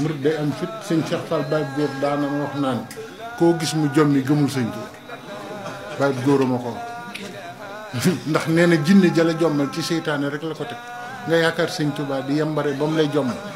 murit day am fit sëñ Cheikh Fall Baye Góor daana wax naan koo gis mu jommi gëmul sëñ Tuubaa Baye Góor ma ko ndax nee na jinne jala jommal ci seytaane rek la ko teg nga yaakaar sëñ Tuubaa di yembare ba mu lay jommal